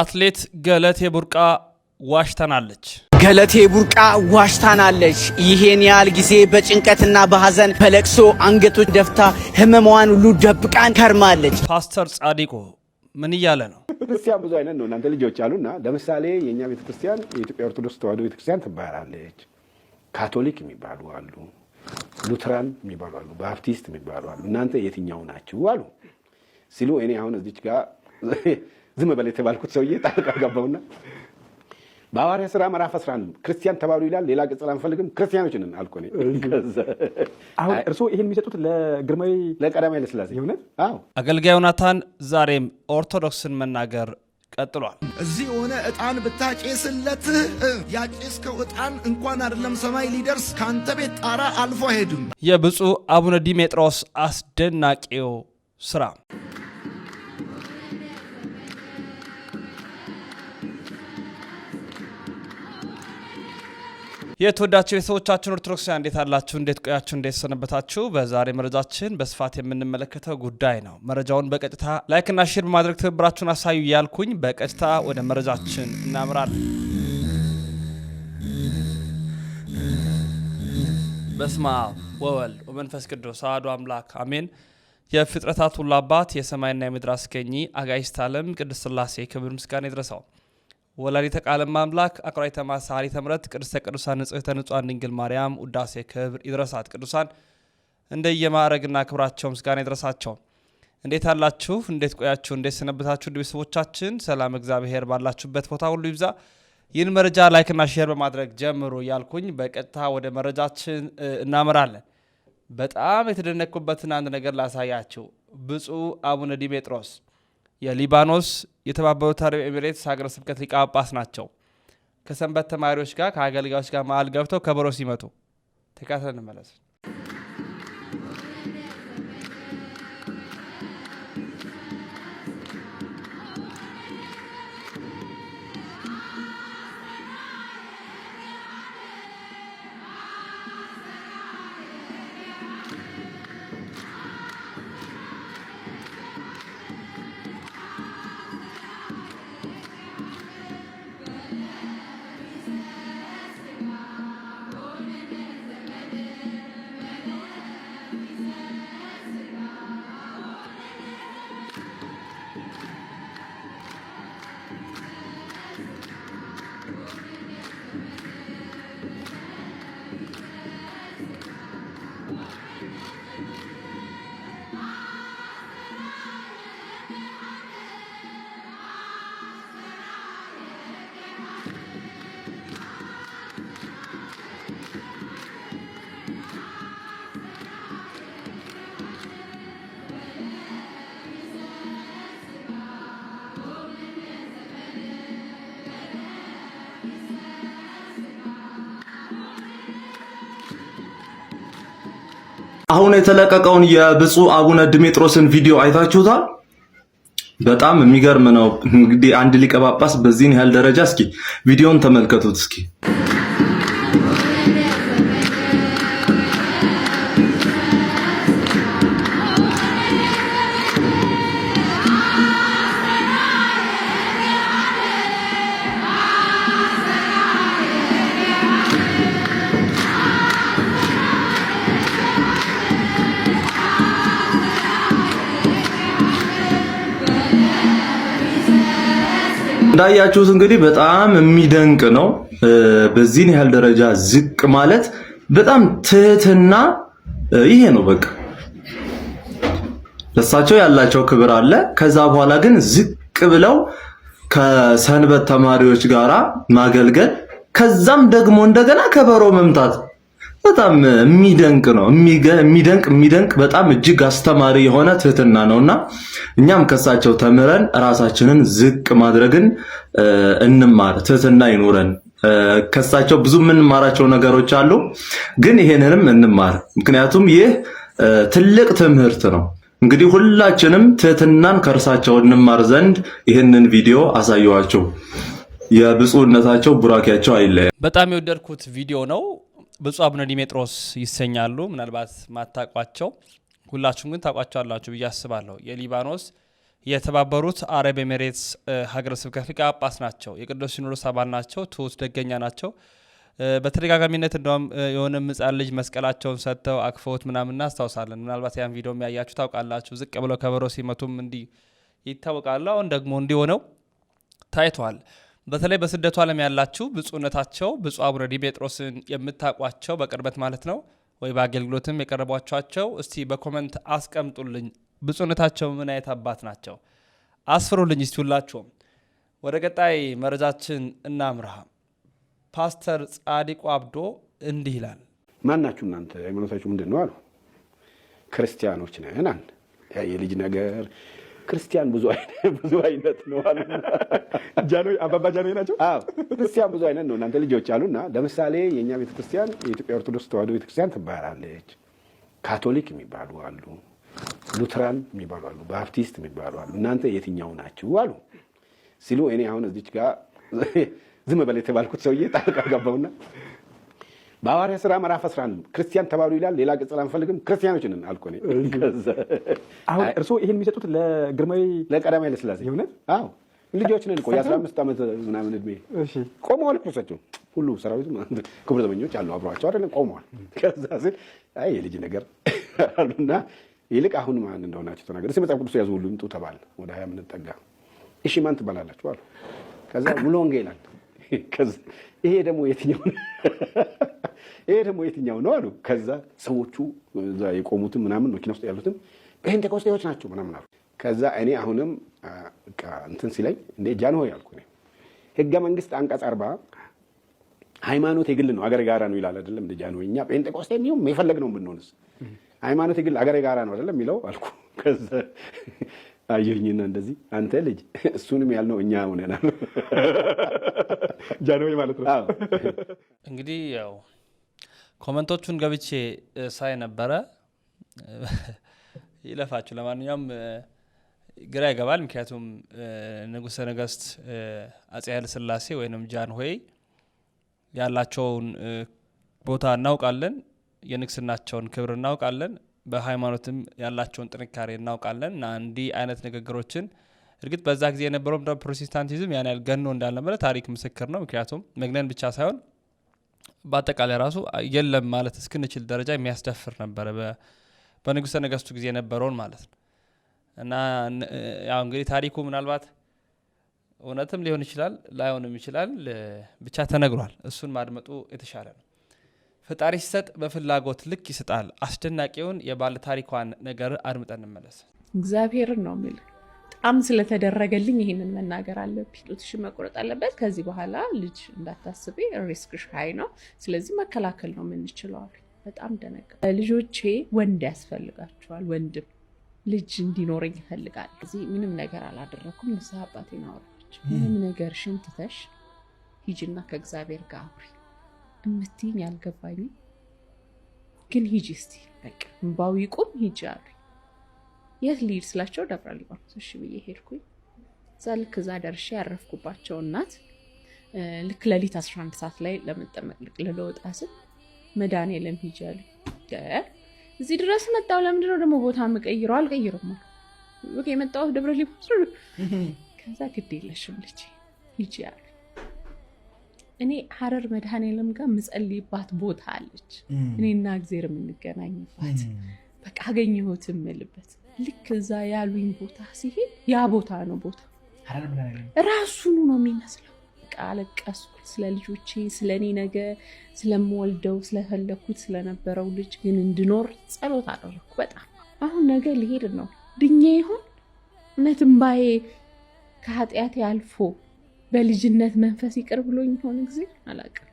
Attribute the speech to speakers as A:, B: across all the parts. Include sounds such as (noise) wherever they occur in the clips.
A: አትሌት ገለቴ ቡርቃ ዋሽተናለች። ገለቴ ቡርቃ ዋሽታናለች። ይሄን ያህል ጊዜ በጭንቀትና በሐዘን በለቅሶ አንገቶች ደፍታ ህመሟን ሁሉ ደብቃን ከርማለች። ፓስተር ጻዲቆ ምን እያለ ነው? ክርስቲያን ብዙ አይነት ነው እናንተ ልጆች አሉና፣ ለምሳሌ የእኛ ቤተክርስቲያን የኢትዮጵያ ኦርቶዶክስ ተዋሕዶ ቤተክርስቲያን ትባላለች። ካቶሊክ የሚባሉ አሉ፣ ሉትራን የሚባሉ አሉ፣ ባፕቲስት የሚባሉ አሉ። እናንተ የትኛው ናችሁ አሉ ሲሉ እኔ አሁን እዚች ጋር ዝም በል የተባልኩት ሰውዬ ጣልቃ ገባውና በሐዋርያ ስራ ምዕራፍ 11 ክርስቲያን ተባሉ ይላል። ሌላ ገጽ አንፈልግም፣ ክርስቲያኖች ነን አልኩ።
B: አሁን እርስዎ ይህን የሚሰጡት ለግርማዊ
A: ለቀዳማዊ ኃይለ ሥላሴ የሆነ
B: አገልጋይ ዮናታን ዛሬም ኦርቶዶክስን መናገር ቀጥሏል።
C: እዚህ የሆነ ዕጣን ብታጭስለት ያጭስከው ዕጣን እንኳን አይደለም ሰማይ ሊደርስ ከአንተ ቤት ጣራ አልፎ አይሄድም።
B: የብፁዕ አቡነ ዲሜጥሮስ አስደናቂው ስራ የተወዳችሁ የሰዎቻችን ኦርቶዶክሳውያን እንዴት አላችሁ? እንዴት ቆያችሁ? እንዴት ሰነበታችሁ? በዛሬ መረጃችን በስፋት የምንመለከተው ጉዳይ ነው። መረጃውን በቀጥታ ላይክና ሼር በማድረግ ትብብራችሁን አሳዩ ያልኩኝ በቀጥታ ወደ መረጃችን እናምራለን። በስመ አብ ወወልድ ወመንፈስ ቅዱስ አሐዱ አምላክ አሜን። የፍጥረታት ሁሉ አባት የሰማይና የምድር አስገኚ አጋዕዝተ ዓለም ቅድስት ሥላሴ ክብር ምስጋና ይድረሰው። ወላዲተ ቃለ አምላክ አቁራይተ ማሳሪ ተምረት ቅድስተ ቅዱሳን ንጽህተ ንጹሐን ድንግል ማርያም ውዳሴ ክብር ይድረሳት። ቅዱሳን እንደየማዕረግና ክብራቸው ምስጋና ይድረሳቸው። እንዴት አላችሁ? እንዴት ቆያችሁ? እንዴት ሰነበታችሁ? ውድ ቤተሰቦቻችን ሰላም እግዚአብሔር ባላችሁበት ቦታ ሁሉ ይብዛ። ይህን መረጃ ላይክና ሼር በማድረግ ጀምሩ እያልኩኝ በቀጥታ ወደ መረጃችን እናመራለን። በጣም የተደነኩበትን አንድ ነገር ላሳያችሁ። ብፁዕ አቡነ ዲሜጥሮስ የሊባኖስ የተባበሩት አረብ ኤሚሬትስ ሀገረ ስብከት ሊቀ ጳጳስ ናቸው። ከሰንበት ተማሪዎች ጋር ከአገልጋዮች ጋር መሀል ገብተው ከበሮ ሲመቱ ተካተል እንመለስ። አሁን የተለቀቀውን የብፁዕ አቡነ ድሜጥሮስን ቪዲዮ አይታችሁታል? በጣም የሚገርም ነው። እንግዲህ አንድ ሊቀ ጳጳስ በዚህን ያህል ደረጃ እስኪ ቪዲዮን ተመልከቱት እስኪ እንዳያችሁት እንግዲህ በጣም የሚደንቅ ነው። በዚህን ያህል ደረጃ ዝቅ ማለት በጣም ትህትና ይሄ ነው። በቃ ለሳቸው ያላቸው ክብር አለ። ከዛ በኋላ ግን ዝቅ ብለው ከሰንበት ተማሪዎች ጋራ ማገልገል ከዛም ደግሞ እንደገና ከበሮ መምታት በጣም የሚደንቅ ነው። የሚደንቅ የሚደንቅ በጣም እጅግ አስተማሪ የሆነ ትህትና ነውና እኛም ከሳቸው ተምረን ራሳችንን ዝቅ ማድረግን እንማር፣ ትህትና ይኑረን። ከሳቸው ብዙ የምንማራቸው ነገሮች አሉ፣ ግን ይሄንንም እንማር። ምክንያቱም ይህ ትልቅ ትምህርት ነው። እንግዲህ ሁላችንም ትህትናን ከእርሳቸው እንማር ዘንድ ይህንን ቪዲዮ አሳየዋቸው። የብፁዕነታቸው ቡራኪያቸው አይለያል። በጣም የወደድኩት ቪዲዮ ነው። ብፁዕ አቡነ ዲሜጥሮስ ይሰኛሉ። ምናልባት ማታቋቸው ሁላችሁም ግን ታቋቸዋላችሁ ብዬ አስባለሁ። የሊባኖስ የተባበሩት አረብ ኤሜሬትስ ሀገረ ስብከት ሊቀ ጳጳስ ናቸው። የቅዱስ ሲኖዶስ አባል ናቸው። ትት ደገኛ ናቸው። በተደጋጋሚነት እንደውም የሆነ ሕፃን ልጅ መስቀላቸውን ሰጥተው አክፈውት ምናምን እናስታውሳለን። ምናልባት ያን ቪዲዮ ያያችሁ ታውቃላችሁ። ዝቅ ብለው ከበሮ ሲመቱም እንዲህ ይታወቃሉ። አሁን ደግሞ እንዲሆነው ታይቷል። ታይተዋል። በተለይ በስደቱ ዓለም ያላችሁ ብፁዕነታቸው ብፁዕ አቡነ ዲሜጥሮስን የምታውቋቸው በቅርበት ማለት ነው ወይ በአገልግሎትም የቀረቧቸቸው እስቲ በኮመንት አስቀምጡልኝ። ብፁዕነታቸው ምን አይነት አባት ናቸው? አስፍሩልኝ እስቲ ሁላችሁም። ወደ ቀጣይ መረጃችን እናምርሃ። ፓስተር ጻዲቁ አብዶ እንዲህ ይላል።
A: ማን ናችሁ እናንተ? ሃይማኖታችሁ ምንድን ነው አሉ። ክርስቲያኖች ነን አለ። የልጅ ነገር ክርስቲያን ብዙ (laughs) ብዙ አይነት ነው አሉ (laughs) አባባ ጃኖ ናቸው። ክርስቲያን ብዙ አይነት ነው እናንተ ልጆች አሉና፣ ለምሳሌ የእኛ ቤተክርስቲያን የኢትዮጵያ ኦርቶዶክስ ተዋሕዶ ቤተክርስቲያን ትባላለች። ካቶሊክ የሚባሉ አሉ፣ ሉትራን የሚባሉ አሉ፣ ባፕቲስት የሚባሉ አሉ። እናንተ የትኛው ናችሁ አሉ ሲሉ እኔ አሁን እዚች ጋር (laughs) ዝም በል የተባልኩት ሰውዬ ጣልቃ ገባውና በሐዋርያ ስራ ምዕራፍ 11 ክርስቲያን ተባሉ ይላል። ሌላ ገጽ አንፈልግም፣ ክርስቲያኖች ነን አልኮ።
B: አሁን እርስዎ ይህን የሚሰጡት ለግርማዊ
A: ለቀዳማዊ ኃይለ ሥላሴ የእውነት አዎ ልጆች ነን እኮ የ15 ዓመት ምናምን እድሜ ቆመዋል። ኩሰቸው ሁሉ ሰራዊቱ ክቡር ዘበኞች አሉ አብረቸው አይደለም ቆመዋል። ከዛ ስል አይ የልጅ ነገር (laughs) አሉና ይልቅ አሁን ማን እንደሆናቸው ተናገር እስኪ መጽሐፍ ቅዱስ ያዙ ሁሉ ይምጡ ተባል። ወደ ሀያ ጠጋ እሺ ማን ትባላላችሁ አሉ። ከዛ ሙሎንጌ ይላል። (laughs) ይሄ ደግሞ የትኛው (laughs) ይሄ ደግሞ የትኛው ነው አሉ። ከዛ ሰዎቹ እዛ የቆሙትም ምናምን መኪና ውስጥ ያሉትም ጴንጤቆስጤዎች ናቸው ምናምን አሉ። ከዛ እኔ አሁንም እንትን ሲለኝ እንዴ ጃንሆይ አልኩ። ህገ መንግስት አንቀጽ አርባ ሃይማኖት የግል ነው አገር ጋራ ነው ይላል አይደለም እንደ ጃንሆይ። እኛ ጴንጤቆስጤ የሚሆን የፈለግ ነው ብንሆንስ ሃይማኖት የግል አገር ጋራ ነው አይደለም የሚለው አልኩ። ከዛ አየኝና እንደዚህ አንተ ልጅ እሱንም ያልነው እኛ ሆነናል ጃንሆይ ማለት ነው።
B: እንግዲህ ያው ኮመንቶቹን ገብቼ ሳይ ነበረ። ይለፋችሁ። ለማንኛውም ግራ ይገባል። ምክንያቱም ንጉሰ ነገስት አጼ ኃይለ ስላሴ ወይንም ሆይ ያላቸውን ቦታ እናውቃለን፣ የንግስናቸውን ክብር እናውቃለን፣ በሃይማኖትም ያላቸውን ጥንካሬ እናውቃለን እና እንዲህ አይነት ንግግሮችን እርግጥ በዛ ጊዜ የነበረው ፕሮቴስታንቲዝም ያን ያህል ገኖ እንዳልነበረ ታሪክ ምስክር ነው። ምክንያቱም መግነን ብቻ ሳይሆን በአጠቃላይ ራሱ የለም ማለት እስክንችል ደረጃ የሚያስደፍር ነበረ በንጉሠ ነገስቱ ጊዜ የነበረውን ማለት ነው። እና ያው እንግዲህ ታሪኩ ምናልባት እውነትም ሊሆን ይችላል ላይሆንም ይችላል፣ ብቻ ተነግሯል። እሱን ማድመጡ የተሻለ ነው። ፈጣሪ ሲሰጥ በፍላጎት ልክ ይሰጣል። አስደናቂውን የባለ ታሪኳን ነገር አድምጠን እንመለስ።
D: እግዚአብሔርን ነው የሚል በጣም ስለተደረገልኝ ይህንን መናገር አለብኝ። ጡትሽን መቁረጥ አለበት። ከዚህ በኋላ ልጅ እንዳታስቤ፣ ሪስክሽ ሀይ ነው። ስለዚህ መከላከል ነው የምንችለው። በጣም ደነገ ልጆቼ ወንድ ያስፈልጋቸዋል። ወንድም ልጅ እንዲኖረኝ ይፈልጋል። እዚህ ምንም ነገር አላደረግኩም። ንስ አባቴ አወራቸው። ምንም ነገር ሽንትተሽ ሂጂና ከእግዚአብሔር ጋር አውሪ እምትይኝ አልገባኝም፣ ግን ሂጂ እስቲ በቃ እምባው ይቁም፣ ሂጂ አሉኝ። የት ልሂድ ስላቸው ደብረ ሊባኖስ እሺ ብዬ ሄድኩኝ። እዛ ልክ እዛ ደርሼ ያረፍኩባቸው እናት ልክ ለሊት 11 ሰዓት ላይ ለመጠመቅ ልቅ ልለወጣ ስል መድኃኔዓለም ሂጂ አሉኝ። እዚህ ድረስ መጣው ለምንድነው ደግሞ ቦታ የምቀይረው? አልቀይረውም አሉ የመጣሁት ደብረ ሊባኖስ። ከዛ ግድ የለሽም ልጅ ሂጂ አሉ። እኔ ሀረር መድኃኔዓለም ጋር ምጸልይባት ቦታ አለች፣ እኔና እግዜር የምንገናኝባት በቃ አገኘሁት የምልበት ልክ እዛ ያሉኝ ቦታ ሲሄድ ያ ቦታ ነው ቦታ ራሱኑ ነው የሚመስለው። አለቀስኩ ስለ ልጆቼ፣ ስለ እኔ ነገ ስለምወልደው፣ ስለፈለኩት ስለነበረው ልጅ ግን እንድኖር ጸሎት አደረግኩ በጣም አሁን ነገ ሊሄድ ነው ድኜ ይሆን እውነት እምባዬ ከኃጢአት አልፎ በልጅነት መንፈስ ይቅር ብሎኝ ይሆን ጊዜ አላውቅም።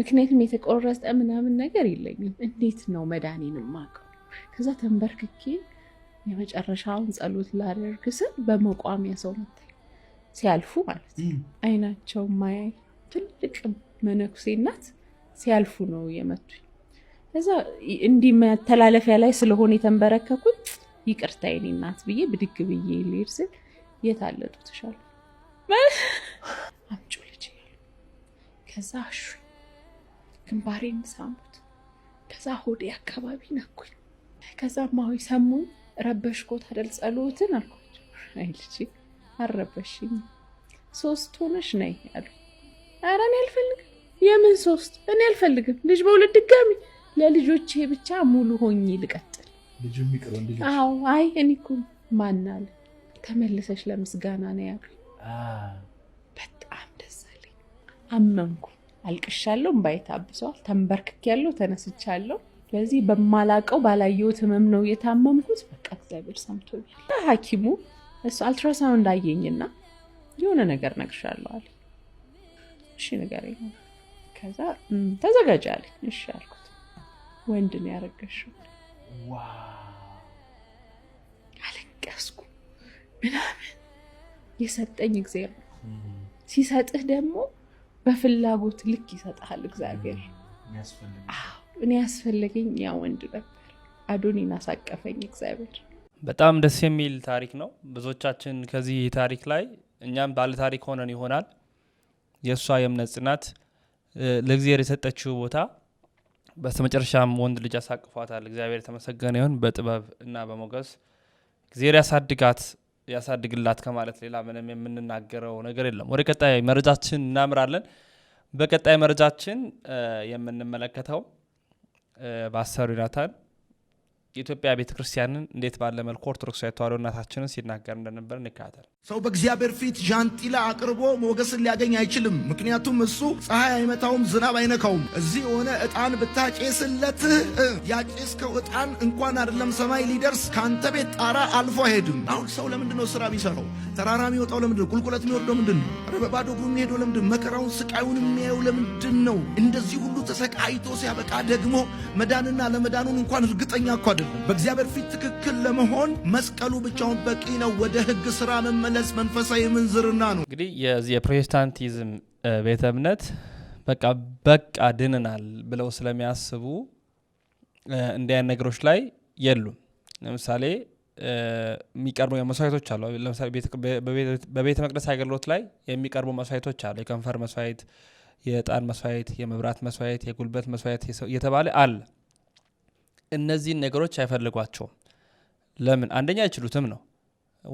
D: ምክንያቱም የተቆረጠ ምናምን ነገር የለኝም። እንዴት ነው መዳኔን ማቀው? ከዛ ተንበርክኬ የመጨረሻውን ጸሎት ላደርግ ስል በመቋሚያ ሰው መታኝ። ሲያልፉ ማለት ነው። አይናቸው ማያይ ትልቅ መነኩሴ ናት። ሲያልፉ ነው የመቱኝ። እዛ እንዲህ መተላለፊያ ላይ ስለሆነ የተንበረከኩት ይቅርታ የኔ እናት ብዬ ብድግ ብዬ ልሄድ ስል የት አለ ጡትሽ አሉ። አምጪው ልጅ ከዛ አሹ ግንባሬን ሳሙት። ከዛ ሆዴ አካባቢ ነኩኝ። ከዛ ማዊ ሰሙኝ ረበሽኮት አይደል ጸሎትን አልኳቸው። አይ ልጄ አልረበሽኝ ሶስት ሆነሽ ነይ አሉ። ኧረ እኔ አልፈልግም። የምን ሶስት እኔ አልፈልግም። ልጅ በሁለት ድጋሚ ለልጆቼ ብቻ ሙሉ ሆኜ ልቀጥል። አዎ አይ እኔ እኮ ማን አለ ተመልሰሽ ለምስጋና ነው ያሉ። በጣም ደስ አለኝ። አመንኩ። አልቅሻለሁ፣ እምባዬ ታብሰዋል። ተንበርክኬያለሁ፣ ተነስቻለሁ። ስለዚህ በማላቀው ባላየሁት ህመም ነው የታመምኩት። በቃ እግዚአብሔር ሰምቶኛል። ሐኪሙ እሱ አልትራሳውንድ አየኝና የሆነ ነገር እነግርሻለሁ አለኝ። እሺ ንገሪኝ። ከዛ ተዘጋጅ አለኝ። እሺ አልኩት። ወንድ ነው ያረገሽው። አለቀስኩ ምናምን። የሰጠኝ እግዚአብሔር ነው። ሲሰጥህ ደግሞ በፍላጎት ልክ ይሰጥሃል እግዚአብሔር። አዎ እኔ ያስፈለገኝ ያ ወንድ ነበር። አዶኒን አሳቀፈኝ እግዚአብሔር።
B: በጣም ደስ የሚል ታሪክ ነው። ብዙዎቻችን ከዚህ ታሪክ ላይ እኛም ባለ ታሪክ ሆነን ይሆናል። የእሷ የእምነት ጽናት፣ ለእግዚአብሔር የሰጠችው ቦታ፣ በስተመጨረሻም ወንድ ልጅ ያሳቅፏታል። እግዚአብሔር የተመሰገነ ይሁን። በጥበብ እና በሞገስ እግዚአብሔር ያሳድጋት ያሳድግላት ከማለት ሌላ ምንም የምንናገረው ነገር የለም። ወደ ቀጣይ መረጃችን እናምራለን። በቀጣይ መረጃችን የምንመለከተው ባሰሩ ይላታል የኢትዮጵያ ቤተ ክርስቲያንን እንዴት ባለ መልኩ ኦርቶዶክስ ተዋሕዶ እናታችንን ሲናገር እንደነበር እንካተል።
C: ሰው በእግዚአብሔር ፊት ዣንጢላ አቅርቦ ሞገስን ሊያገኝ አይችልም። ምክንያቱም እሱ ፀሐይ አይመታውም፣ ዝናብ አይነካውም። እዚህ የሆነ ዕጣን ብታጨስለት ያጨስከው ዕጣን እንኳን አይደለም ሰማይ ሊደርስ ከአንተ ቤት ጣራ አልፎ አይሄድም። አሁን ሰው ለምንድነው ስራ ቢሰራው ተራራ የሚወጣው ለምንድን ነው? ቁልቁለት የሚወርደው ምንድን ነው? ባዶ እግሩ የሚሄደው ለምንድን ነው? መከራውን ስቃዩን የሚያየው ለምንድን ነው? እንደዚህ ሁሉ ተሰቃይቶ ሲያበቃ ደግሞ መዳንና ለመዳኑን እንኳን እርግጠኛ እኮ አይደለም። በእግዚአብሔር ፊት ትክክል ለመሆን መስቀሉ ብቻውን በቂ ነው። ወደ ህግ ስራ መመለስ መንፈሳዊ ምንዝርና ነው።
B: እንግዲህ የዚህ የፕሮቴስታንቲዝም ቤተ እምነት በቃ በቃ ድንናል ብለው ስለሚያስቡ እንዲያን ነገሮች ላይ የሉም። ለምሳሌ የሚቀርቡ መስዋዕቶች አሉ። ለምሳሌ በቤተ መቅደስ አገልግሎት ላይ የሚቀርቡ መስዋዕቶች አሉ። የከንፈር መስዋዕት፣ የእጣን መስዋዕት፣ የመብራት መስዋዕት፣ የጉልበት መስዋዕት እየተባለ አለ። እነዚህን ነገሮች አይፈልጓቸውም። ለምን? አንደኛ አይችሉትም ነው።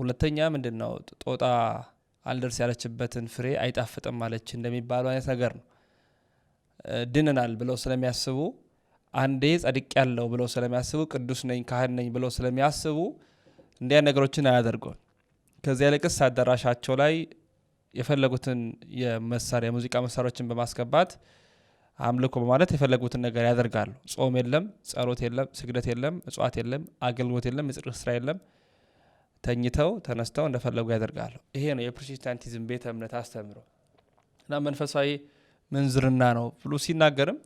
B: ሁለተኛ ምንድን ነው ጦጣ አልደርስ ያለችበትን ፍሬ አይጣፍጥም አለች እንደሚባሉ አይነት ነገር ነው። ድንናል ብለው ስለሚያስቡ አንዴ ጸድቅ ያለው ብለው ስለሚያስቡ ቅዱስ ነኝ ካህን ነኝ ብለው ስለሚያስቡ እንዲያ ነገሮችን አያደርገውም። ከዚያ ልቅስ አዳራሻቸው ላይ የፈለጉትን የመሳሪያ የሙዚቃ መሳሪያዎችን በማስገባት አምልኮ በማለት የፈለጉትን ነገር ያደርጋሉ። ጾም የለም፣ ጸሎት የለም፣ ስግደት የለም፣ እጽዋት የለም፣ አገልግሎት የለም፣ የጽድቅ ስራ የለም። ተኝተው ተነስተው እንደፈለጉ ያደርጋሉ። ይሄ ነው የፕሮቴስታንቲዝም ቤተ እምነት አስተምሮ እና መንፈሳዊ ምንዝርና ነው ብሎ ሲናገርም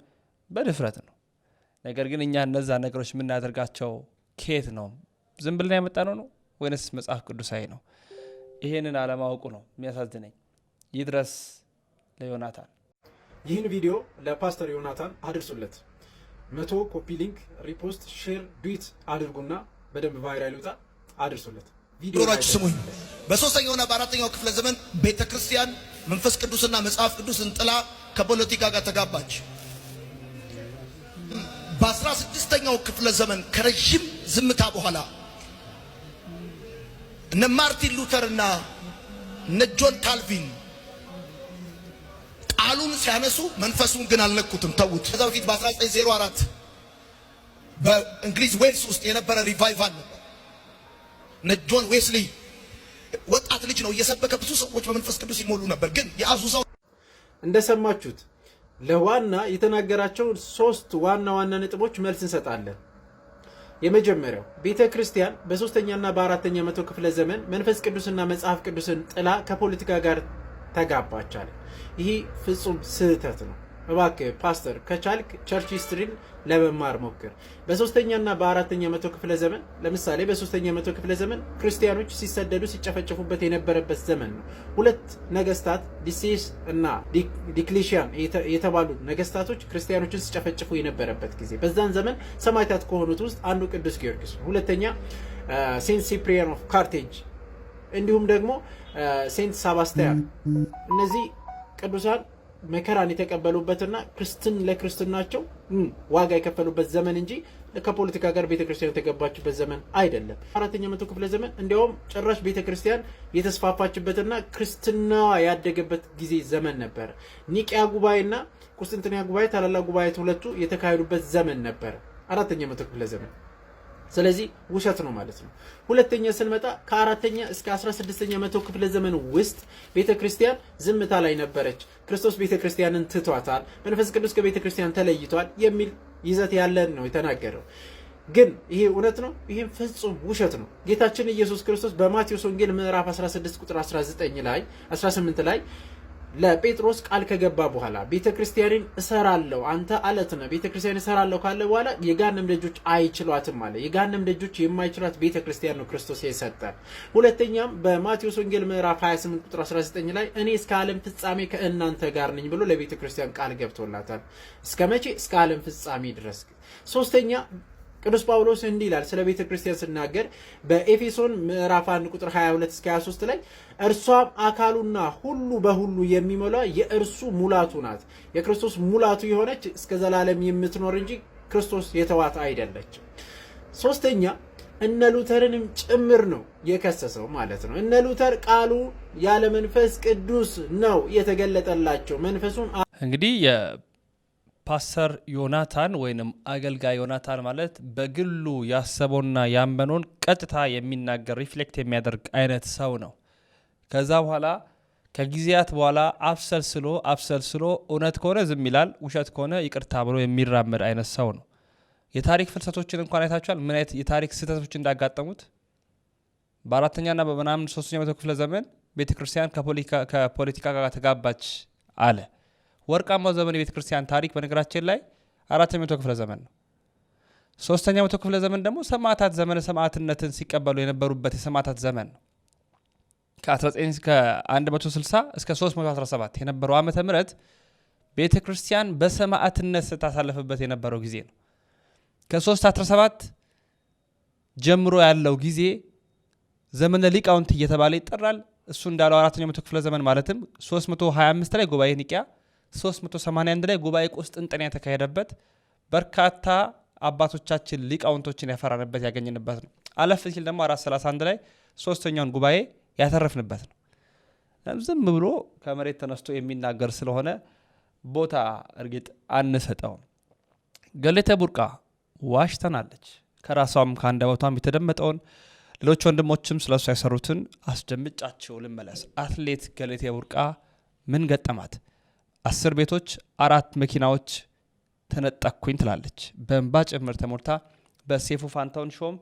B: በድፍረት ነው። ነገር ግን እኛ እነዛ ነገሮች የምናደርጋቸው ኬት ነው ዝም ብለን ያመጣነው ነው ወይንስ መጽሐፍ ቅዱሳዊ ነው? ይህንን አለማወቁ ነው የሚያሳዝነኝ። ይድረስ ለዮናታን።
E: ይህን ቪዲዮ ለፓስተር ዮናታን አድርሱለት። መቶ ኮፒ ሊንክ፣ ሪፖስት፣ ሼር፣ ዱዊት አድርጉና በደንብ ቫይራል ይውጣ። አድርሱለት።
C: ኖራችሁ ስሙኝ። በሶስተኛውና በአራተኛው ክፍለ ዘመን ቤተ ክርስቲያን መንፈስ ቅዱስና መጽሐፍ ቅዱስን ጥላ ከፖለቲካ ጋር ተጋባች። በአስራ ስድስተኛው ክፍለ ዘመን ከረዥም ዝምታ በኋላ እነ ማርቲን ሉተርና እነ ጆን ካልቪን ቃሉን ሲያነሱ መንፈሱን ግን አልነኩትም፣ ተዉት። ከዛ በፊት በ1904 በእንግሊዝ ዌልስ ውስጥ የነበረ ሪቫይቫል ነበር። እነ ጆን ዌስሊ ወጣት ልጅ ነው፣ እየሰበከ ብዙ ሰዎች በመንፈስ ቅዱስ ይሞሉ ነበር። ግን የአዙዛው
B: እንደሰማችሁት ለዋና የተናገራቸው ሶስት ዋና ዋና ነጥቦች መልስ እንሰጣለን። የመጀመሪያው ቤተ ክርስቲያን በሶስተኛና በአራተኛ መቶ ክፍለ ዘመን መንፈስ ቅዱስና መጽሐፍ ቅዱስን ጥላ ከፖለቲካ ጋር ተጋባቻለ። ይህ ፍጹም ስህተት ነው። እባክህ ፓስተር ከቻልክ ቸርች ሂስትሪን ለመማር ሞክር። በሶስተኛና በአራተኛ መቶ ክፍለ ዘመን ለምሳሌ በሶስተኛ መቶ ክፍለ ዘመን ክርስቲያኖች ሲሰደዱ ሲጨፈጨፉበት የነበረበት ዘመን ነው። ሁለት ነገስታት ዲሴስ እና ዲክሊሽያን የተባሉ ነገስታቶች ክርስቲያኖችን ሲጨፈጭፉ የነበረበት ጊዜ፣ በዛን ዘመን ሰማዕታት ከሆኑት ውስጥ አንዱ ቅዱስ ጊዮርጊስ ነው። ሁለተኛ ሴንት ሲፕሪያን ኦፍ ካርቴጅ እንዲሁም ደግሞ ሴንት ሳባስቲያን እነዚህ ቅዱሳን መከራን የተቀበሉበትና ክርስትን ለክርስትናቸው ዋጋ የከፈሉበት ዘመን እንጂ ከፖለቲካ ጋር ቤተክርስቲያን የተገባችበት ዘመን አይደለም። አራተኛ መቶ ክፍለ ዘመን እንዲያውም ጭራሽ ቤተክርስቲያን የተስፋፋችበትና ክርስትናዋ ያደገበት ጊዜ ዘመን ነበረ። ኒቅያ ጉባኤና ቁስጥንጥንያ ጉባኤ ታላላቅ ጉባኤት ሁለቱ የተካሄዱበት ዘመን ነበረ። አራተኛ መቶ ክፍለ ዘመን ስለዚህ ውሸት ነው ማለት ነው። ሁለተኛ ስንመጣ ከአራተኛ እስከ 16ኛ መቶ ክፍለ ዘመን ውስጥ ቤተ ክርስቲያን ዝምታ ላይ ነበረች። ክርስቶስ ቤተ ክርስቲያንን ትቷታል፣ መንፈስ ቅዱስ ከቤተ ክርስቲያን ተለይቷል የሚል ይዘት ያለን ነው የተናገረው። ግን ይሄ እውነት ነው? ይህም ፍጹም ውሸት ነው። ጌታችን ኢየሱስ ክርስቶስ በማቴዎስ ወንጌል ምዕራፍ 16 ቁጥር 19 ላይ 18 ላይ ለጴጥሮስ ቃል ከገባ በኋላ ቤተ ክርስቲያንን እሰራለሁ አንተ አለት ነህ ቤተ ክርስቲያን እሰራለሁ ካለ በኋላ የጋንም ደጆች አይችሏትም አለ። የጋንም ደጆች የማይችሏት ቤተ ክርስቲያን ነው ክርስቶስ የሰጠ። ሁለተኛም በማቴዎስ ወንጌል ምዕራፍ 28 ቁጥር 19 ላይ እኔ እስከ ዓለም ፍጻሜ ከእናንተ ጋር ነኝ ብሎ ለቤተ ክርስቲያን ቃል ገብቶላታል። እስከ መቼ? እስከ ዓለም ፍጻሜ ድረስ። ሶስተኛ ቅዱስ ጳውሎስ እንዲህ ይላል ስለ ቤተ ክርስቲያን ስናገር በኤፌሶን ምዕራፍ 1 ቁጥር 22 እስከ 23 ላይ እርሷም አካሉና ሁሉ በሁሉ የሚሞላ የእርሱ ሙላቱ ናት። የክርስቶስ ሙላቱ የሆነች እስከ ዘላለም የምትኖር እንጂ ክርስቶስ የተዋት አይደለች ሶስተኛ እነ ሉተርንም ጭምር ነው የከሰሰው ማለት ነው። እነ ሉተር ቃሉ ያለ መንፈስ ቅዱስ ነው የተገለጠላቸው መንፈሱን እንግዲህ ፓስተር ዮናታን ወይም አገልጋይ ዮናታን ማለት በግሉ ያሰበውና ያመነውን ቀጥታ የሚናገር ሪፍሌክት የሚያደርግ አይነት ሰው ነው። ከዛ በኋላ ከጊዜያት በኋላ አብሰልስሎ አብሰልስሎ እውነት ከሆነ ዝም ይላል፣ ውሸት ከሆነ ይቅርታ ብሎ የሚራመድ አይነት ሰው ነው። የታሪክ ፍልሰቶችን እንኳን አይታችኋል፣ ምን አይነት የታሪክ ስህተቶች እንዳጋጠሙት። በአራተኛና በምናምን ሶስተኛ መቶ ክፍለ ዘመን ቤተክርስቲያን ከፖለቲካ ጋር ተጋባች አለ። ወርቃማው ዘመን የቤተ ክርስቲያን ታሪክ በነገራችን ላይ አራተኛ መቶ ክፍለ ዘመን ነው። ሶስተኛ መቶ ክፍለ ዘመን ደግሞ ሰማዕታት ዘመነ ሰማዕትነትን ሲቀበሉ የነበሩበት የሰማዕታት ዘመን ነው። ከ160 እስከ 317 የነበረው ዓመተ ምሕረት ቤተ ክርስቲያን በሰማዕትነት ስታሳልፍበት የነበረው ጊዜ ነው። ከ317 ጀምሮ ያለው ጊዜ ዘመነ ሊቃውንት እየተባለ ይጠራል። እሱ እንዳለው አራተኛው መቶ ክፍለ ዘመን ማለትም 325 ላይ ጉባኤ ኒቂያ 381 ላይ ጉባኤ ቁስጥንጥንያ የተካሄደበት በርካታ አባቶቻችን ሊቃውንቶችን ያፈራንበት ያገኝንበት ነው። አለፍ ሲል ደግሞ 431 ላይ ሶስተኛውን ጉባኤ ያተረፍንበት ነው። ዝም ብሎ ከመሬት ተነስቶ የሚናገር ስለሆነ ቦታ እርግጥ አንሰጠውም። ገሌተ ቡርቃ ዋሽተናለች። ከራሷም ከአንደበቷም የተደመጠውን ሌሎች ወንድሞችም ስለሱ የሰሩትን አስደምጫቸው ልመለስ። አትሌት ገሌተ ቡርቃ ምን ገጠማት? አስር ቤቶች አራት መኪናዎች ተነጠኩኝ ትላለች። በእንባ ጭምር ተሞልታ በሴፉ ፋንታውን ሾም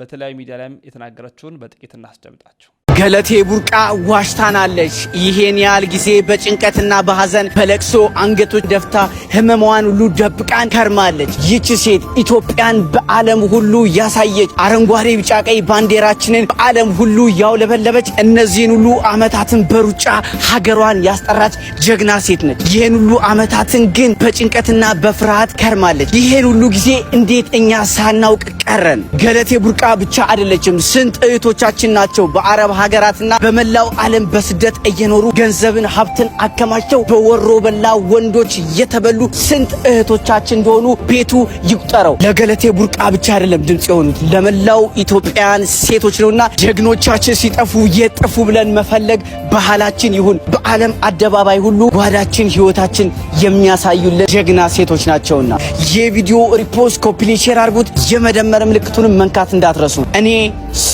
B: በተለያዩ ሚዲያ ላይም የተናገረችውን በጥቂት እናስደምጣችሁ።
C: ገለቴ ቡርቃ ዋሽታናለች። ይሄን ያህል ጊዜ በጭንቀትና በሐዘን በለቅሶ አንገቶች ደፍታ ህመሟን ሁሉ ደብቃን ከርማለች። ይቺ ሴት ኢትዮጵያን በዓለም ሁሉ ያሳየች አረንጓዴ፣ ቢጫ፣ ቀይ ባንዲራችንን በዓለም ሁሉ ያውለበለበች እነዚህን ሁሉ ዓመታትን በሩጫ ሀገሯን ያስጠራች ጀግና ሴት ነች። ይህን ሁሉ ዓመታትን ግን በጭንቀትና በፍርሃት ከርማለች። ይሄን ሁሉ ጊዜ እንዴት እኛ ሳናውቅ ቀረን? ገለቴ ቡርቃ ብቻ አይደለችም። ስንት እህቶቻችን ናቸው በአረብ ሀገራትና በመላው ዓለም በስደት እየኖሩ ገንዘብን ሀብትን አከማቸው በወሮ በላ ወንዶች የተበሉ ስንት እህቶቻችን እንደሆኑ ቤቱ ይቁጠረው። ለገለቴ ቡርቃ ብቻ አይደለም ድምፅ የሆኑት ለመላው ኢትዮጵያን ሴቶች ነውና ጀግኖቻችን ሲጠፉ የጠፉ ብለን መፈለግ ባህላችን ይሁን። በዓለም አደባባይ ሁሉ ጓዳችን፣ ህይወታችን የሚያሳዩልን ጀግና ሴቶች ናቸውና የቪዲዮ ሪፖስት ኮፒ፣ ሼር አድርጉት። የመደመር ምልክቱንም መንካት እንዳትረሱ። እኔ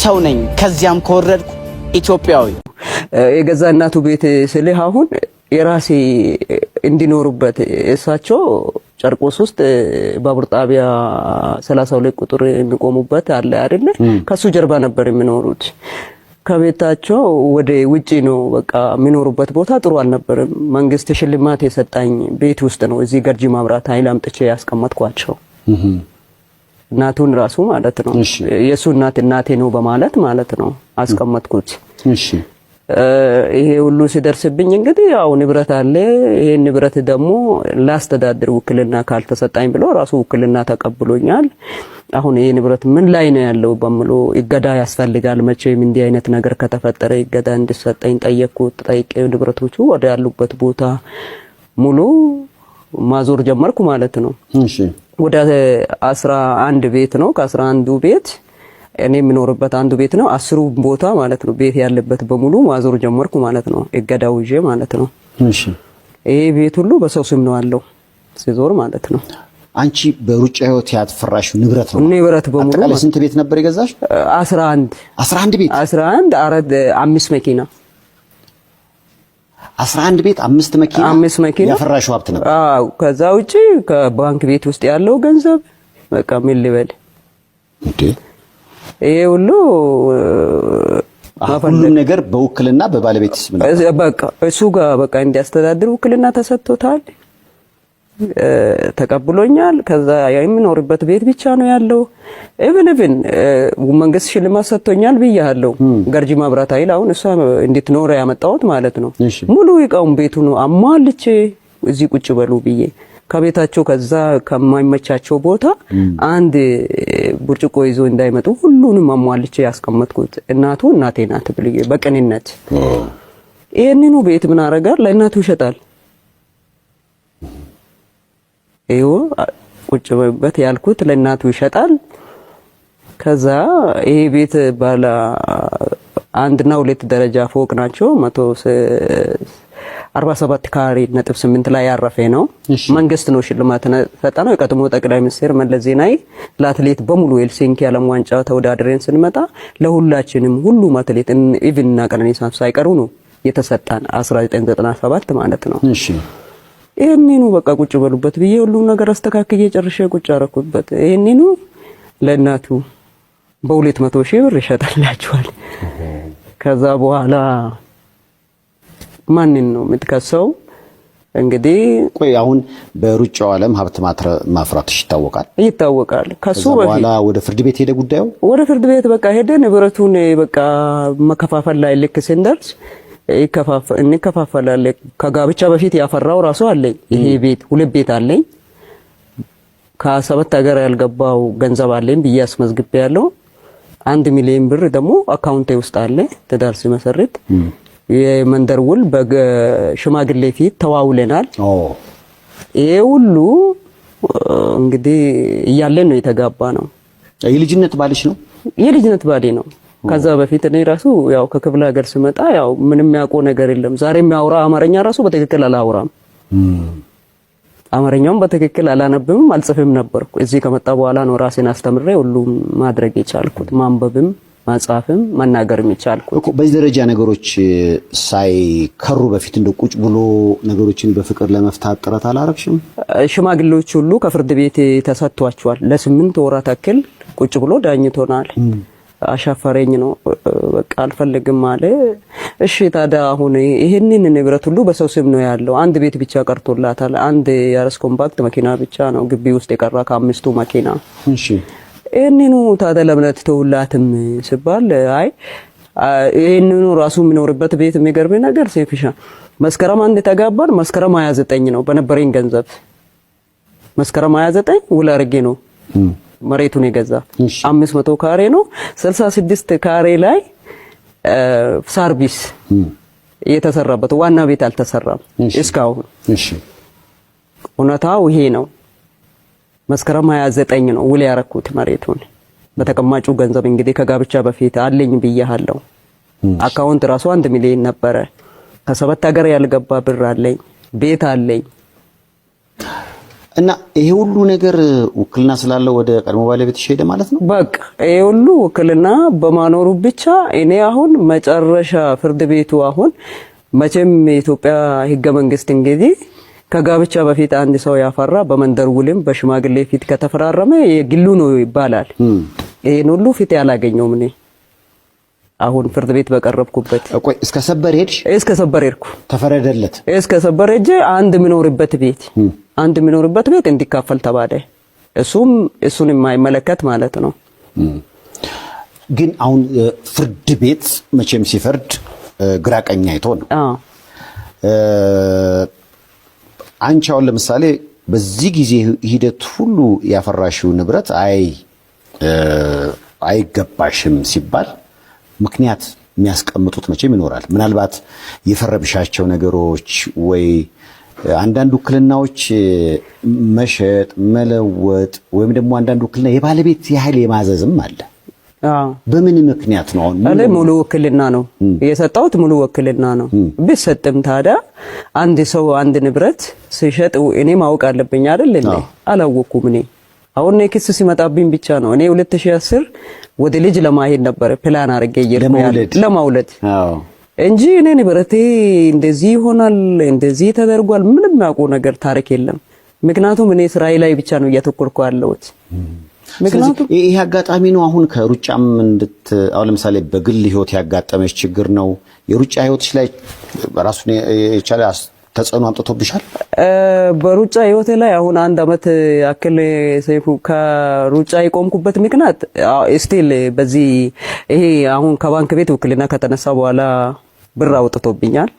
C: ሰው ነኝ። ከዚያም ከወረድኩ ኢትዮጵያዊ
F: የገዛ እናቱ ቤት ስልህ አሁን የራሴ እንዲኖሩበት እሳቸው ጨርቆስ ውስጥ ባቡር ጣቢያ ሁለት ቁጥር የሚቆሙበት አለ አይደለ? ከሱ ጀርባ ነበር የሚኖሩት። ከቤታቸው ወደ ውጭ ነው በቃ የሚኖሩበት ቦታ ጥሩ አልነበርም። መንግስት ሽልማት የሰጣኝ ቤት ውስጥ ነው። እዚህ ገርጂ ማብራት ኃይል አምጥቼ ያስቀመጥኳቸው እናቱን ራሱ ማለት ነው የእሱ እናት እናቴ ነው በማለት ማለት ነው አስቀመጥኩት። ይሄ ሁሉ ሲደርስብኝ እንግዲህ ያው ንብረት አለ። ይሄ ንብረት ደግሞ ላስተዳድር ውክልና ካልተሰጣኝ ብሎ ራሱ ውክልና ተቀብሎኛል። አሁን ይሄ ንብረት ምን ላይ ነው ያለው በሚሉ እገዳ ያስፈልጋል። መቼም እንዲህ አይነት ነገር ከተፈጠረ እገዳ እንዲሰጠኝ ጠየቅኩት። ጠይቄ ንብረቶቹ ወደ ያሉበት ቦታ ሙሉ ማዞር ጀመርኩ ማለት ነው። ወደ አስራ አንድ ቤት ነው። ከአስራ አንዱ ቤት እኔ የምኖርበት አንዱ ቤት ነው። አስሩ ቦታ ማለት ነው ቤት ያለበት በሙሉ ማዞር ጀመርኩ ማለት ነው። እገዳው ይዤ ማለት ነው። እሺ ይሄ ቤት ሁሉ በሰው ስም ነው ያለው ሲዞር ማለት ነው።
B: አንቺ በሩጫ ህይወት ያትፈራሽ ንብረት ነው።
F: ንብረት በሙሉ
B: ስንት ቤት ነበር የገዛሽ? 11 11 ቤት
F: 11 አራት አምስት መኪና
B: 11 ቤት አምስት መኪና አምስት መኪና ያፈራሹ ሀብት ነበር።
F: አዎ። ከዛ ውጪ ከባንክ ቤት ውስጥ ያለው ገንዘብ በቃ ምን ልበል እንዴ ይሄ ሁሉ
B: ሁሉም ነገር በውክልና በባለቤት ስም
F: ነው። በቃ እሱ ጋር በቃ እንዲያስተዳድር ውክልና ተሰጥቶታል። ተቀብሎኛል። ከዛ የሚኖርበት ቤት ብቻ ነው ያለው። ኢቭን ኢቭን መንግስት ሽልማት ሰጥቶኛል ብያለሁ። ገርጂ መብራት ኃይል አሁን እሷ እንድትኖር ያመጣሁት ማለት ነው። ሙሉ እቃውን ቤቱን አሟልቼ እዚህ ቁጭ በሉ ብዬ ከቤታቸው ከዛ ከማይመቻቸው ቦታ አንድ ብርጭቆ ይዞ እንዳይመጡ ሁሉንም አሟልቼ ያስቀመጥኩት እናቱ እናቴ ናት ብዬ በቅንነት ይህንኑ ቤት ምን አረጋል ለእናቱ ይሸጣል ይሁ ቁጭ በይበት ያልኩት ለእናቱ ይሸጣል። ከዛ ይሄ ቤት ባለ አንድና ሁለት ደረጃ ፎቅ ናቸው። 147 አርባ ካሬ ነጥብ 8 ላይ ያረፈ ነው። መንግስት ነው ሽልማት ነው። የቀድሞ ጠቅላይ ሚኒስትር መለስ ዜናዊ ለአትሌት በሙሉ ኤልሲንኪ ዓለም ዋንጫ ተወዳድረን ስንመጣ ለሁላችንም ሁሉም አትሌት ኢቭን እና ቀነኒሳ ሳይቀሩ ነው የተሰጣን 1997 ማለት ነው። እሺ ይሄኔኑ በቃ ቁጭ በሉበት ብዬ ሁሉም ነገር አስተካክዬ ጨርሼ ቁጭ አረኩበት። ይሄኔኑ ለእናቱ በሁለት መቶ ሺህ ብር ይሸጣላችኋል። ከዛ በኋላ ማንን ነው የምትከሰው? እንግዲህ
B: ቆይ አሁን በሩጫው ዓለም ሀብት ማፍራትሽ ይታወቃል
F: ይታወቃል።
B: ከሱ በኋላ ወደ ፍርድ ቤት ሄደ ጉዳዩ
F: ወደ ፍርድ ቤት በቃ ሄደ። ንብረቱን በቃ መከፋፈል ላይ ልክ ስንደርስ እንከፋፈላለን። ከጋብቻ በፊት ያፈራው ራሱ አለኝ። ይሄ ቤት ሁለት ቤት አለኝ። ከሰባት ሀገር ያልገባው ገንዘብ አለኝ ብዬ አስመዝግቤ ያለው አንድ ሚሊዮን ብር ደግሞ አካውንቴ ውስጥ አለ። ትዳር ሲመሰርት የመንደር ውል በሽማግሌ ፊት ተዋውለናል። ይሄ ሁሉ እንግዲህ እያለን ነው የተጋባ ነው።
B: የልጅነት ባልሽ ነው?
F: የልጅነት ባሌ ነው። ከዛ በፊት እኔ ራሱ ያው ከክፍለ ሀገር ስመጣ ያው ምንም ያውቀው ነገር የለም። ዛሬ የሚያወራ አማርኛ ራሱ በትክክል አላወራም። አማርኛውም በትክክል አላነብብም፣ አልጽፍም ነበርኩ። እዚህ ከመጣ በኋላ ነው ራሴን አስተምሬ ሁሉም ማድረግ የቻልኩት ማንበብም መጻፍም መናገርም ይቻልኩ እኮ።
B: በዚህ ደረጃ ነገሮች ሳይከሩ በፊት እንደ ቁጭ ብሎ ነገሮችን በፍቅር ለመፍታት ጥረት አላረግሽም?
F: ሽማግሌዎች ሁሉ ከፍርድ ቤት ተሰጥቷቸዋል። ለስምንት ወራት ያክል ቁጭ ብሎ ዳኝቶናል። አሻፈረኝ ነው በቃ አልፈልግም አለ። እሺ ታዲያ አሁን ይህንን ንብረት ሁሉ በሰው ስም ነው ያለው። አንድ ቤት ብቻ ቀርቶላታል። አንድ ያረስ ኮምፓክት መኪና ብቻ ነው ግቢ ውስጥ የቀራ ከአምስቱ መኪና። እሺ ይህንኑ ታዲያ ለምለት ተውላትም ሲባል አይ ይህንኑ ራሱ የሚኖርበት ቤት የሚገርም ነገር ሴፍሻ መስከረም አንድ ተጋባን። መስከረም 29 ነው በነበረኝ ገንዘብ መስከረም 29 ውል አድርጌ ነው መሬቱን የገዛ 500 መቶ ካሬ ነው። 66 ካሬ ላይ ሰርቪስ የተሰራበት ዋና ቤት አልተሰራም እስካሁን። እውነታው ይሄ ነው። መስከረም 29 ነው ውል ያረኩት መሬቱን በተቀማጩ ገንዘብ እንግዲህ ከጋብቻ በፊት አለኝ ብያለሁ። አካውንት ራሱ አንድ ሚሊዮን ነበረ። ከሰባት ሀገር ያልገባ ብር አለኝ፣ ቤት አለኝ።
B: እና ይሄ ሁሉ ነገር ውክልና ስላለው ወደ ቀድሞ ባለቤትሽ ሄደ ማለት ነው።
F: በቃ ይሄ ሁሉ ውክልና በማኖሩ ብቻ እኔ አሁን መጨረሻ ፍርድ ቤቱ አሁን መቼም የኢትዮጵያ ህገ መንግስት እንግዲህ ከጋብቻ በፊት አንድ ሰው ያፈራ በመንደር ውልም በሽማግሌ ፊት ከተፈራረመ የግሉ ነው ይባላል። ይሄን ሁሉ ፊት ያላገኘውም እኔ አሁን ፍርድ ቤት በቀረብኩበት
B: እቆይ እስከ ሰበር ሄድሽ?
F: እስከ ሰበር ሄድኩ።
B: ተፈረደለት።
F: እስከ ሰበር ሄጄ አንድ ምኖርበት ቤት አንድ የሚኖርበት ቤት እንዲካፈል ተባለ። እሱም እሱን የማይመለከት ማለት ነው።
B: ግን አሁን ፍርድ ቤት መቼም ሲፈርድ ግራ ቀኝ አይቶ ነው። አንቺ አሁን ለምሳሌ በዚህ ጊዜ ሂደት ሁሉ ያፈራሽው ንብረት አይ አይገባሽም ሲባል ምክንያት የሚያስቀምጡት መቼም ይኖራል። ምናልባት የፈረብሻቸው ነገሮች ወይ አንዳንድ ውክልናዎች መሸጥ፣ መለወጥ ወይም ደግሞ አንዳንድ ውክልና የባለቤት ያህል የማዘዝም አለ። በምን ምክንያት ነው? አሁን
F: ሙሉ ውክልና ነው የሰጠሁት። ሙሉ ውክልና ነው ብሰጥም፣ ታዲያ አንድ ሰው አንድ ንብረት ሲሸጥ እኔ ማወቅ አለብኝ አይደል? እንዴ እኔ አሁን ነው ክስ ሲመጣብኝ ብቻ ነው። እኔ 2010 ወደ ልጅ ለማሄድ ነበረ ፕላን አድርጌ ለማውለድ እንጂ እኔ ንብረቴ እንደዚህ ይሆናል እንደዚህ ተደርጓል ምንም ያውቁ ነገር ታሪክ የለም። ምክንያቱም እኔ ስራዬ ላይ ብቻ ነው እያተኮርኩ ያለሁት።
B: ምክንያቱም ይሄ አጋጣሚ ነው። አሁን ከሩጫም እንድት አሁን ለምሳሌ በግል ህይወት ያጋጠመች ችግር ነው። የሩጫ ህይወትሽ ላይ ራሱን የቻለ ተጽዕኖ አምጥቶብሻል?
F: በሩጫ ህይወቴ ላይ አሁን አንድ አመት አክል ሰይፉ ከሩጫ የቆምኩበት ምክንያት ስቲል በዚህ ይሄ አሁን ከባንክ ቤት ውክልና ከተነሳ በኋላ ብር አውጥቶብኛል።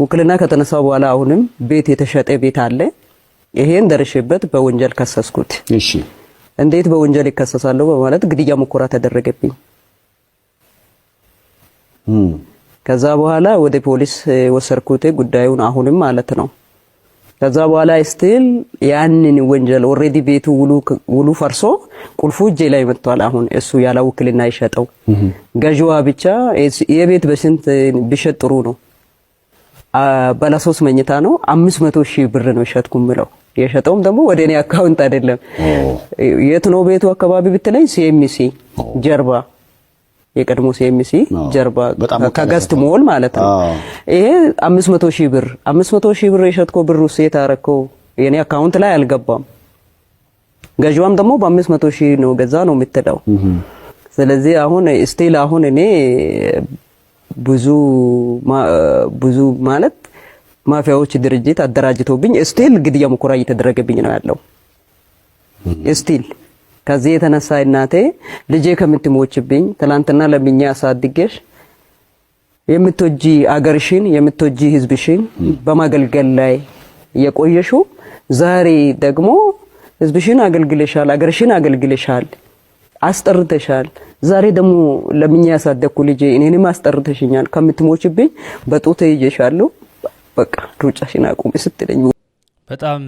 F: ውክልና ከተነሳ በኋላ አሁንም ቤት የተሸጠ ቤት አለ። ይሄን ደርሼበት በወንጀል ከሰስኩት። እሺ እንዴት በወንጀል ይከሰሳለሁ በማለት ግድያ ሙከራ ተደረገብኝ። ከዛ በኋላ ወደ ፖሊስ ወሰድኩት ጉዳዩን አሁንም ማለት ነው። ከዛ በኋላ ስቲል ያንን ወንጀል ኦልሬዲ ቤቱ ውሉ ፈርሶ ቁልፉ እጄ ላይ መጥቷል። አሁን እሱ ያለ ውክልና ይሸጠው ገዥዋ ብቻ የቤት በስንት ቢሸጥ ጥሩ ነው? ባለሶስት መኝታ ነው። አምስት መቶ ሺህ ብር ነው ሸጥኩ ብለው የሸጠውም ደግሞ ወደ እኔ አካውንት አይደለም። የት ነው ቤቱ አካባቢ ብትለኝ ሲኤምሲ ጀርባ የቀድሞ ሲኤምሲ ጀርባ ከገስት ሞል ማለት ነው። ይሄ 500 ሺህ ብር 500 ሺህ ብር የሸጥኮ ብር ውስጥ የታረከው የኔ አካውንት ላይ አልገባም። ገዥዋም ደግሞ በ500 ሺህ ነው ገዛ ነው የምትለው። ስለዚህ አሁን ስቲል አሁን እኔ ብዙ ብዙ ማለት ማፊያዎች ድርጅት አደራጅቶብኝ ስቲል ግድያ ሙከራ እየተደረገብኝ ነው ያለው ስቲል ከዚህ የተነሳ እናቴ ልጄ ከምትሞችብኝ ትላንትና ለምኛ አሳድገሽ የምትወጂ አገርሽን የምትወጂ ህዝብሽን በማገልገል ላይ የቆየሹ ዛሬ ደግሞ ህዝብሽን አገልግለሻል፣ አገርሽን አገልግለሻል፣ አስጠርተሻል። ዛሬ ደግሞ ለምኛ ያሳደግኩ ልጄ እኔንም አስጠርተሽኛል። ከምትሞችብኝ በጡቴ ይዤሻለሁ፣ በቃ ሩጫሽን አቁሚ ስትለኝ
B: በጣም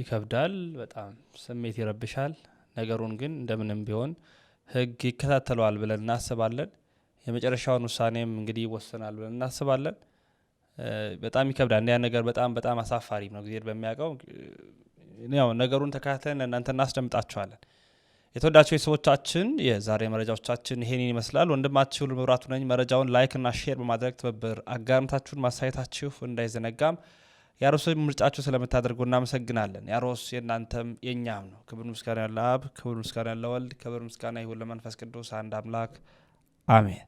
B: ይከብዳል፣ በጣም ስሜት ይረብሻል። ነገሩን ግን እንደምንም ቢሆን ህግ ይከታተለዋል ብለን እናስባለን። የመጨረሻውን ውሳኔም እንግዲህ ይወሰናል ብለን እናስባለን። በጣም ይከብዳል። እንዲያ ነገር በጣም በጣም አሳፋሪ ነው። ጊዜ በሚያውቀው ያው ነገሩን ተከታተለን እናንተ እናስደምጣችኋለን። የተወዳቸው የሰዎቻችን የዛሬ መረጃዎቻችን ይሄን ይመስላል። ወንድማችሁ ልምብራቱ ነኝ። መረጃውን ላይክ እና ሼር በማድረግ ትብብር አጋርነታችሁን ማሳየታችሁ እንዳይዘነጋም የአሮስ ምርጫቸው ስለምታደርጉ እናመሰግናለን። የአሮስ የእናንተም የእኛም ነው። ክብር ምስጋና ያለ አብ፣ ክብር ምስጋና ያለ ወልድ፣ ክብር ምስጋና ይሁን ለመንፈስ ቅዱስ አንድ አምላክ አሜን።